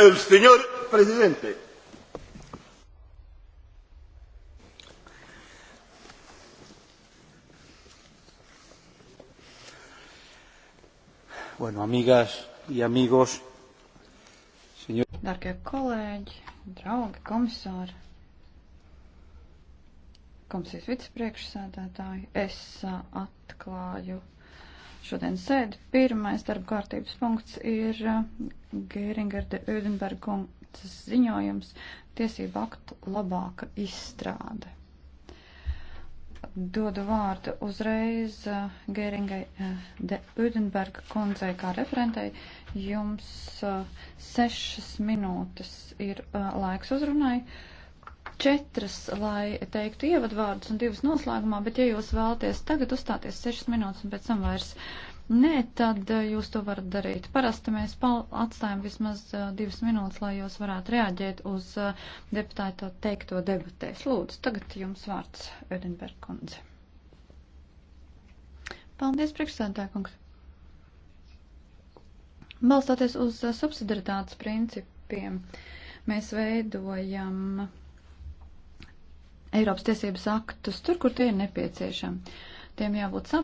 El señor presidente. Bueno, amigas y amigos, señor. Dargie kolēģi, draugi, komisāri, komisijas vicepriekšsēdētāji, es atklāju šodien sēdi. Pirmais darba kārtības punkts ir uh, Gēringer de Ödenbergundas ziņojums tiesību aktu labāka izstrāde. Dodu vārdu uzreiz uh, Gēringai uh, de Udenberga kundzei kā referentei. Jums sešas minūtes ir laiks uzrunai četras, lai teiktu ievadvārdus un divas noslēgumā, bet ja jūs vēlaties tagad uzstāties sešas minūtes un pēc tam vairs nē, tad eh, jūs to varat darīt. Parasti mēs atstājam vismaz eh, divas minūtes, lai jūs varētu reaģēt uz eh, deputāto teikto debatēs. Lūdzu, tagad jums vārds, Edinberg kundze. Paldies, priekšsēdētāj, kungs. Balstoties uz subsidiaritātes principiem, mēs veidojam Eiropas tiesības aktus tur, kur tie ir nepieciešami. Tiem jābūt saprotami.